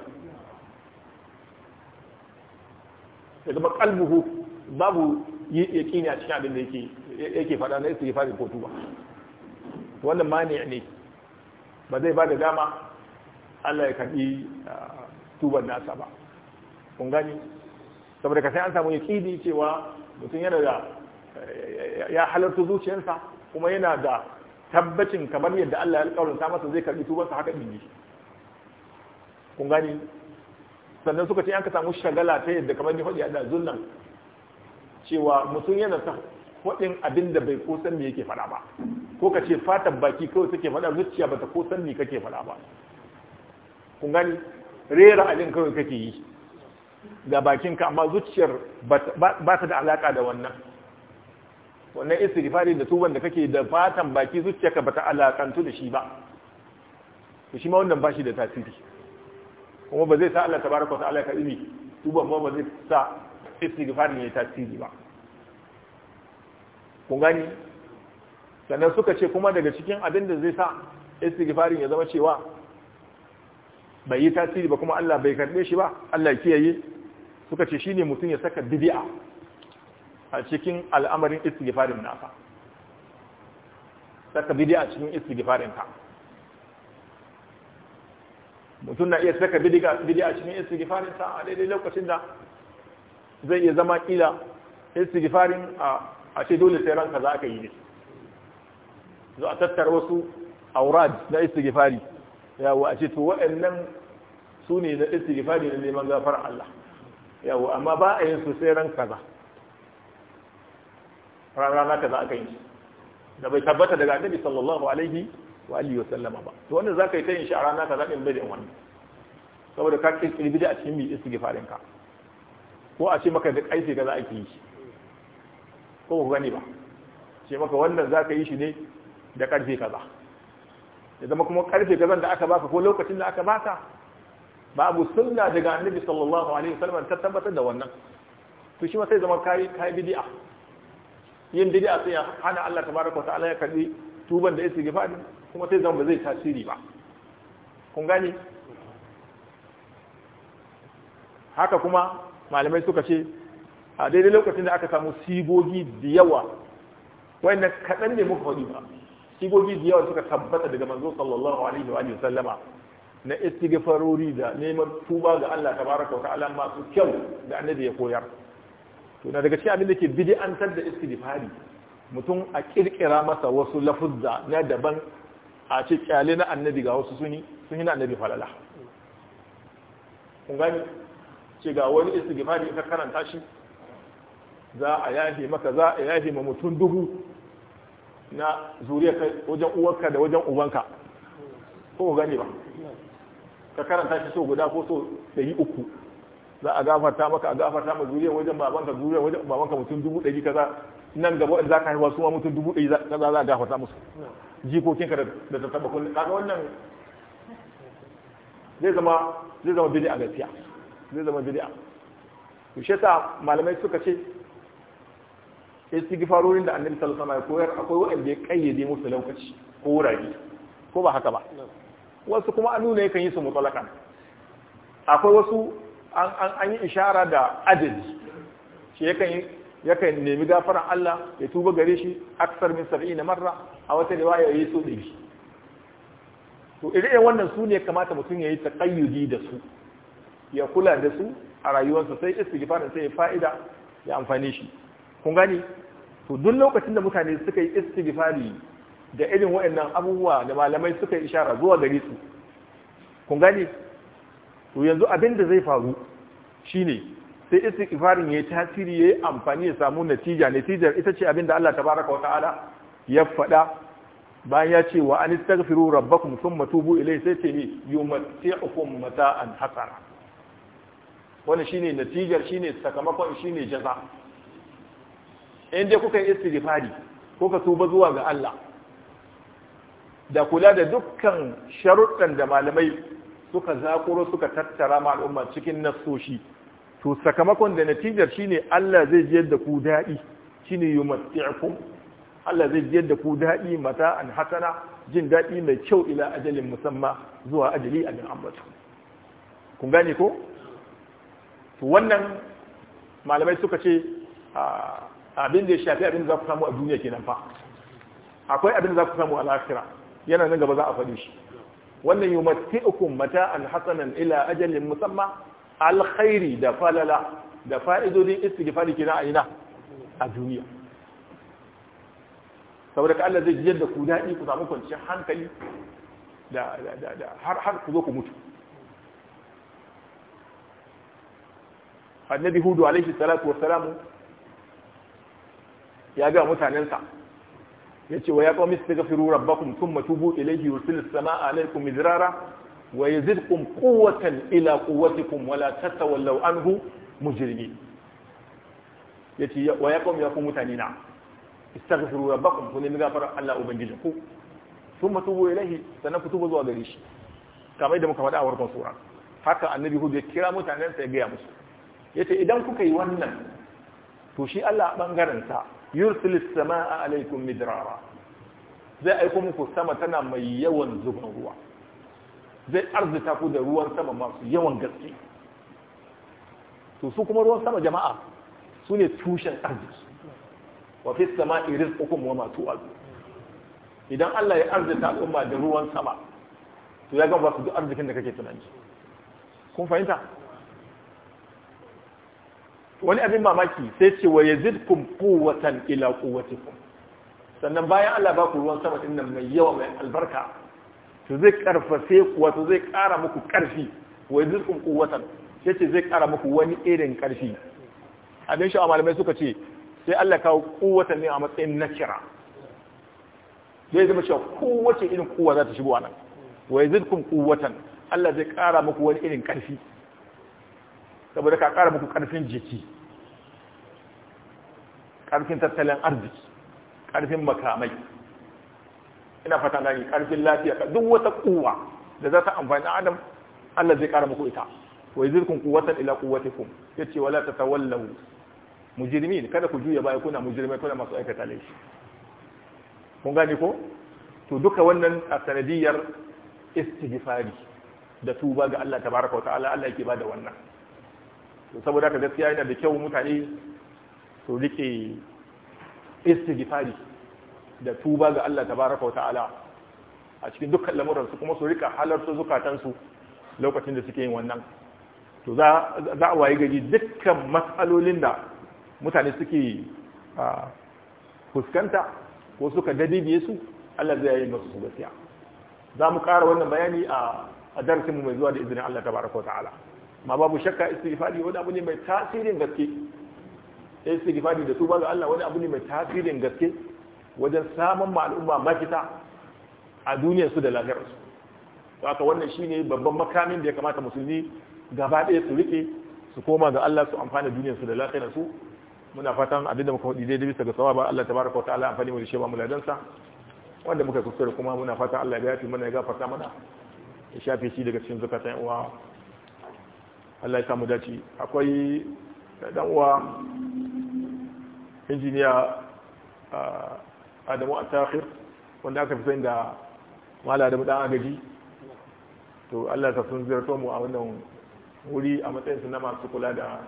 ya zama kalbuhu babu kini a cikin abin da yake fada faɗa na istighfar ko ba wannan mani ne ba zai ba da dama Allah ya karbi tuban nasa ba kun gani saboda ka sai an samu yaqini cewa mutum yana da ya halarta zuciyarsa kuma yana da tabbacin kamar yadda Allah ya alƙawarin masa zai karɓi tubansa haka ne kun gani sannan suka ce ka samu shagala ta yadda kamar ni faɗi a ɗazun nan cewa mutum yana ta faɗin abin da bai kosan me yake faɗa ba ko ka ce fatan baki kawai suke faɗa zuciya bata kosan me kake faɗa ba kun gani rera abin kawai kake yi da bakinka amma zuciyar ba ta da alaka da wannan wannan istighfari da tuban da kake da fatan baki zuciyarka bata alakantu da shi ba shi ma wannan bashi da tasiri kuma ba zai sa Allah tabaraka wa ta'ala ka ibi tuba kuma ba zai sa istighfar ne tasiri ba kun gani sannan suka ce kuma daga cikin abin da zai sa istighfarin ya zama cewa bai yi tasiri ba kuma Allah bai karbe shi ba Allah kiyaye suka ce shine mutum ya saka bid'a a cikin al'amarin istighfarin nasa saka bid'a cikin istighfarin ka mutum na iya saka a cikin istighfarin sa a daidai lokacin da zai iya zama kila istighfarin a ce dole sai ranka za ka yi ne zo a tattara wasu aurad na istighfari yawo a ce to waɗannan su ne na istighfari na neman gafar Allah yawo amma ba a yin su sai ran ranar rana kaza aka yi da bai tabbata daga annabi sallallahu alaihi wa alihi wa sallama ba to wannan zaka yi ta insha shi a rana bai da wannan saboda ka kirkiri bid'a cikin mi farin ka ko a ce maka da kaisi kaza ake yi ko ku gani ba ce maka wannan zaka yi shi ne da karfe kaza ya zama kuma karfe kaza da aka baka ko lokacin da aka baka babu sunna daga annabi sallallahu alaihi wasallam ta tabbatar da wannan to shi ma sai zama kai kai bid'a yin bid'a sai hana Allah tabaraka wa ta'ala ya karbi tuban da gifadi kuma sai zama ba zai tasiri ba kun gani haka kuma malamai suka ce a daidai lokacin da aka samu sigogi da yawa wanda kaɗan ne muka faɗi ba sigogi da yawa suka tabbata daga manzo sallallahu alaihi wa sallama na istighfarori da neman tuba ga Allah tabaraka wa ta'ala masu kyau da annabi ya koyar to na daga cikin abin da ke bid'antar da istighfari mutum a kirkira masa wasu lafuzza na daban a ce kyale na annabi ga wasu suni sun yi na annabi falala kun gani ce ga wani istighfari ka karanta shi za a yafe maka za a yafe ma mutum dubu na zuriya wajen uwanka da wajen ubanka ko gani ba ka karanta shi so guda ko so ɗari uku za a gafarta maka a gafarta ma zuriya wajen babanka zuriya wajen babanka mutum dubu ɗari kaza nan gaba za ka haifar su ma mutum dubu ɗari za a gafarta musu jikokinka da ta taba kullum kaga wannan zai zama zai zama a gaskiya zai zama bidi a shi yasa malamai suka ce ya gifarorin da annabi sallallahu alaihi wasallam ya koyar akwai wanda ya kayyade musu lokaci ko wurare ko ba haka ba wasu kuma an nuna yakan yi su mutalaka akwai wasu an yi ishara da adadi shi yakan yi yakan nemi gafaran Allah ya tuba gare shi aksar min na marra a wata riwaya yayi so shi to irin wannan su ne ya kamata mutum ya yi taƙayyudi da su ya kula da su a rayuwarsa sai istighfarin sai ya fa'ida ya amfane shi kun gani to duk lokacin da mutane suka yi istighfari da irin waɗannan abubuwa da malamai suka yi ishara zuwa gare su kun gani to yanzu abin da zai faru shine sai istighfarin yayi tasiri yayi amfani ya samu natija natijar ita ce abinda Allah baraka wa ta'ala ya fada. bayan ya ce wa an istaghfiru rabbakum thumma tubu ilayhi sai ce ni yumatti'ukum mata'an hasana wannan shine natijar shine sakamakon shine jaza in dai kuka yi istighfari kuka tuba zuwa ga Allah da kula da dukkan sharuɗan da malamai suka zakuro suka tattara ma al'umma cikin nasoshi to sakamakon da natijar shine Allah zai jiyar da ku daɗi shine yumatti'ukum Allah zai jiyar da ku daɗi mata an hasana jin daɗi mai kyau ila ajalin musamma zuwa ajali abin ambata kun gane ko to wannan malamai suka ce abin da ya shafi abin da za ku samu a duniya kenan fa akwai abin da za ku samu a lakira yana nan gaba za a faɗi shi wannan mata mata'an hasanan ila ajalin musamma alkhairi da falala da fa'idodin istighfari kina a ina a duniya saboda ka Allah zai ji yadda ku daɗi ku samu kwanciyar hankali da har ku zo ku mutu annabi hudu alaihi salatu wassalamu ya ga mutanensa ya ce wa ya qawmi istaghfiru rabbakum thumma tubu ilayhi yursilis samaa alaykum midrara wa yazidkum quwwatan ila quwwatikum wala tatawallaw anhu mujrimin yace wa yakum yakum mutanina istaghfiru rabbakum kunni ne Allah ubangijinku thumma tubu ilayhi sannan zuwa gare shi kamar yadda muka faɗa a warkon sura haka annabi hudu ya kira mutanen sa ya gaya musu yace idan kuka yi wannan to shi Allah bangaren sa yursilis samaa alaikum midrara zai aiko muku sama tana mai yawan zuban ruwa zai arzita ku da ruwan sama masu yawan gaske to su kuma ruwan sama jama'a su ne tushen arziki wa fi sama irin ukun wa masu azu idan Allah ya arzita al'umma da ruwan sama to ya gaba su duk arzikin da kake tunani kun fahimta wani abin mamaki sai ce wa kum quwwatan ila quwwatikum sannan bayan Allah ba ku ruwan sama din nan mai yawa mai albarka to zai karfafe wato zai kara muku karfi wai zirkun quwwatan sai ce zai kara muku wani irin karfi abin sha'a malamai suka ce sai Allah kawo quwwatan ne a matsayin na kira zai zama cewa kowace irin kuwa za ta shigo a nan wai zirkun kuwatan Allah zai kara muku wani irin karfi saboda ka kara muku karfin jiki karfin tattalin arziki karfin makamai ina fata ni karfin lafiya duk wata kuwa da za ta amfani a adam Allah zai kara muku ita wa yuzirkum quwwatan ila quwwatikum yace wala tatawallaw mujrimin kada ku juya baya kuna mujrimai kuna masu aikata laifi kun gane ko to duka wannan a sanadiyar istighfari da tuba ga Allah tabaraka wa ta'ala Allah yake bada wannan to saboda haka gaskiya yana da kyau mutane su rike istighfari da tuba ga Allah tabaraka wa ta'ala a cikin dukkan lamuransu kuma su rika halarta zukatansu lokacin da suke yin wannan to za a wayi gari dukkan matsalolin da mutane suke fuskanta ko suka dadibiye su Allah zai yi masu su gaskiya za mu ƙara wannan bayani a darasinmu mai zuwa da izinin Allah tabaraka wa ta'ala ma babu shakka istighfari wani abu ne mai tasirin gaske istighfari da tuba ga Allah wani abu ne mai tasirin gaske wajen samun ma al'umma mafita a duniyarsu da lahirarsu haka wannan shine babban makamin da ya kamata musulmi gaba ɗaya su rike su koma ga Allah su amfana duniyarsu da lahirarsu muna fatan da muka hudu daidai bisa ga sawaba Allah tabaraka wa ta'ala amfani mu da shi ba mu ladansa wanda muka kusura kuma muna fatan Allah ya yafi mana ya gafarta mana ya shafe shi daga cikin zakatan uwa Allah ya samu dace akwai dan uwa injiniya ah, adamu a takhir wanda aka fi sani da mala adamu dan agaji to Allah ta sun ziyarto mu a wannan wuri a matsayin su na masu kula da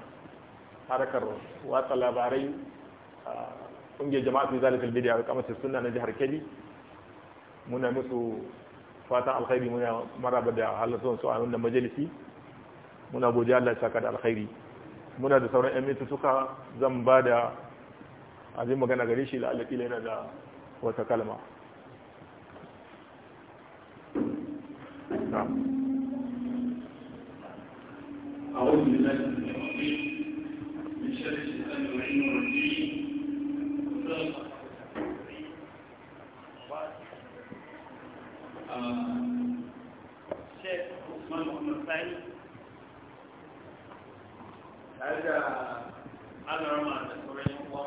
harkar watsa labarai a ƙungiyar jama'a su zalikal a kama su suna na jihar Kebbi muna musu fatan alkhairi muna maraba da halartar su a wannan majalisi muna godiya Allah shaka da alkhairi muna da sauran yan suka zan ba da azin magana gare shi la'alaƙila yana da وتكلم نعم أعوذ بالله من الشيطان من شر الشيطان الرجيم الشيخ آه، عثمان محمد سعيد هذا على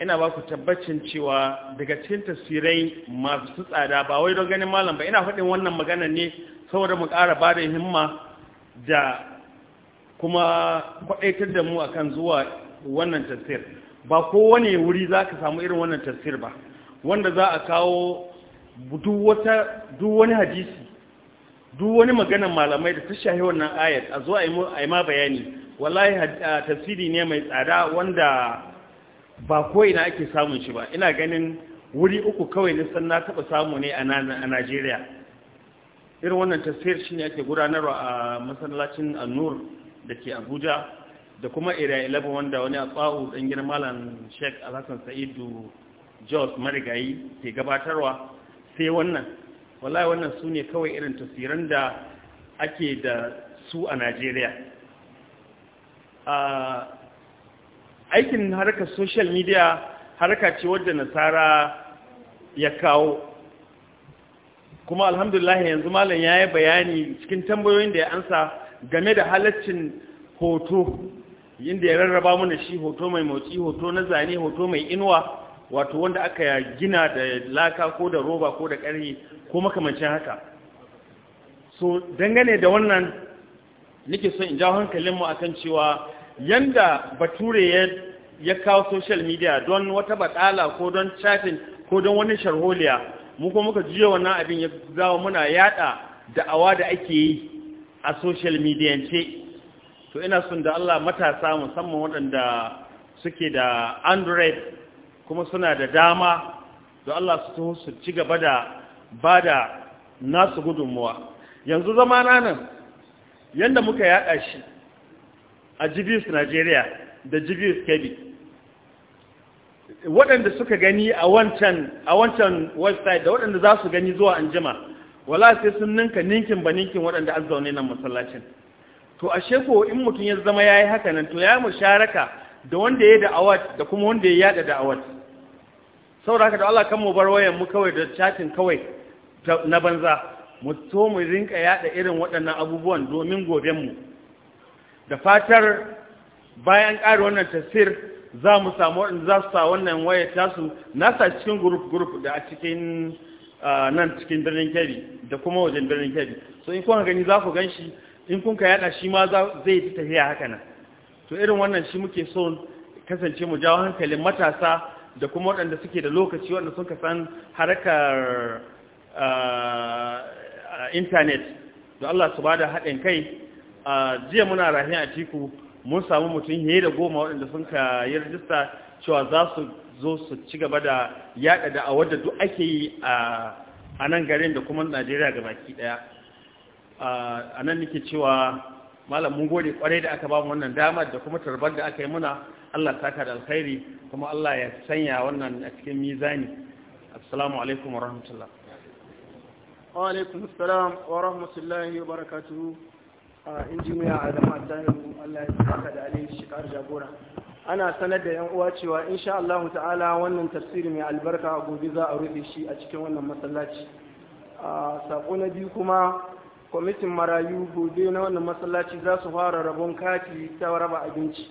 ina ba ku tabbacin cewa daga cikin tasirai masu tsada ba wai don ganin malam ba ina faɗin wannan magana ne saboda mu ƙara ba da himma da kuma kwaɗaitar da mu akan zuwa wannan tasir ba ko wani wuri za ka samu irin wannan tasir ba wanda za a kawo duk wani hadisi duk wani magana malamai da ta shahi wannan ayat a zuwa a yi ma bayani wallahi tasiri ne mai tsada wanda ba ko ina ake samun shi ba ina ganin wuri uku kawai na san na samu ne a Najeriya irin wannan tafsir shi ne ake gudanarwa a masallacin annur da ke abuja da kuma area 11 wanda wani a tsawo ɗan girma malam sheik alhassan sa'idu jos marigayi ke gabatarwa sai wannan wallahi wannan su ne kawai irin tafsiran da ake da su a najeriya ah, aikin harkar social media harka ce wadda nasara ya kawo kuma alhamdulillah yanzu malam ya yi bayani cikin tambayoyin da ya ansa game da halaccin hoto inda ya rarraba mana shi hoto mai motsi hoto na zane hoto mai inuwa wato wanda aka gina da laka ko da roba ko da ƙarni ko makamancin haka so dangane da wannan nake son in jawo hankalinmu akan cewa yanda bature ya ya kawo social media don wata batsala ko don chatting ko don wani sharholiya mu ko muka jiya wannan abin ya zawo muna yada da'awa da ake yi a social media ce to ina son da Allah matasa musamman waɗanda suke da android kuma suna da dama da Allah su su ci gaba da bada nasu gudunmuwa yanzu zamana nan yanda muka yada shi a jibius nigeria da jibius kebbi waɗanda suka gani a wancan a wancan website da waɗanda za su gani zuwa anjima wala sai sun ninka ninkin ba ninkin waɗanda an zaune nan masallacin to a ko in mutum ya zama yayi haka nan to ya musharaka da wanda ya da'awat da kuma wanda ya yada da'awat saboda haka da Allah kan mu bar wayan mu kawai da chatin kawai na banza mu so mu rinka yada irin waɗannan abubuwan domin goben mu da fatar bayan ƙari wannan tafsir za mu samu waɗanda za su sa wannan waya tasu nasa cikin gurup-gurup da a cikin nan cikin birnin kyari da kuma wajen birnin kyari so in kuka gani za ku gan shi in kun ka yada shi ma zai fi tafiya haka nan to irin wannan shi muke so kasance mu jawo hankalin matasa da kuma waɗanda suke da lokaci waɗanda sun san harkar intanet da Allah su ba da haɗin kai jiya muna rahin a tiku mun samu mutum yayi da goma waɗanda sun ka yi rajista cewa za su zo su ci gaba da yaɗa da a wadda duk ake yi a nan garin da kuma najeriya ga baki ɗaya a nan nake cewa malam mun gode kwarai da aka ba mu wannan damar da kuma tarbar da aka yi muna allah ka da alkhairi kuma allah ya sanya wannan a cikin mizani assalamu alaikum wa rahmatullah wa alaikum assalam wa rahmatullahi wa barakatuhu injiniya Adamu Tahiru Allah ya saka da alheri shi jagora ana sanar da yan uwa cewa insha Allah ta'ala wannan tafsiri mai albarka gobe za a rufe shi a cikin wannan masallaci sako na biyu kuma kwamitin marayu gobe na wannan masallaci za su fara rabon kati ta raba abinci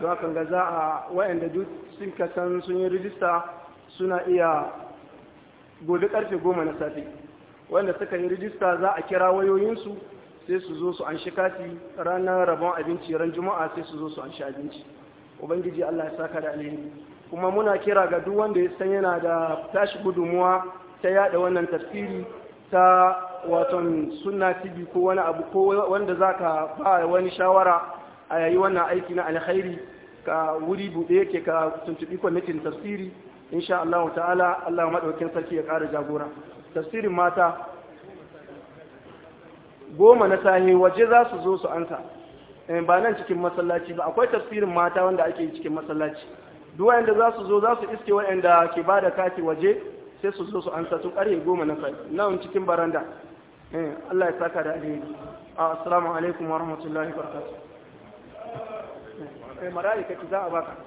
don haka ga za a wayanda duk sun kasan sun yi rijista suna iya gobe karfe goma na safe wanda suka yi rijista za a kira wayoyinsu sai su zo su an shi kati ranar rabon abinci ran juma'a sai su zo su an shi abinci ubangiji allah ya saka da alheri kuma muna kira ga duk wanda ya san yana da tashi gudunmuwa ta yada wannan tafsiri ta waton sunna tv ko wani abu ko wanda zaka ba wani shawara a yayi wannan aiki na alkhairi ka wuri buɗe yake ka tuntubi kwamitin tafsiri insha Allah ta'ala Allah maɗaukin sarki ya ƙara jagora tafsirin mata goma na sahi waje za su zo su ansa eh, ba nan cikin masallaci ba akwai tafsirin mata wanda ake yi cikin masallaci Duwa yadda za su zo za su iske waɗanda ke ba da kati waje sai su zo su ansa tun ƙarfe goma na sahe nan cikin baranda eh, Allah ya saka da alheri ah, assalamu alaikum wa rahmatullahi wa barakatuh eh, marayi kake za a baka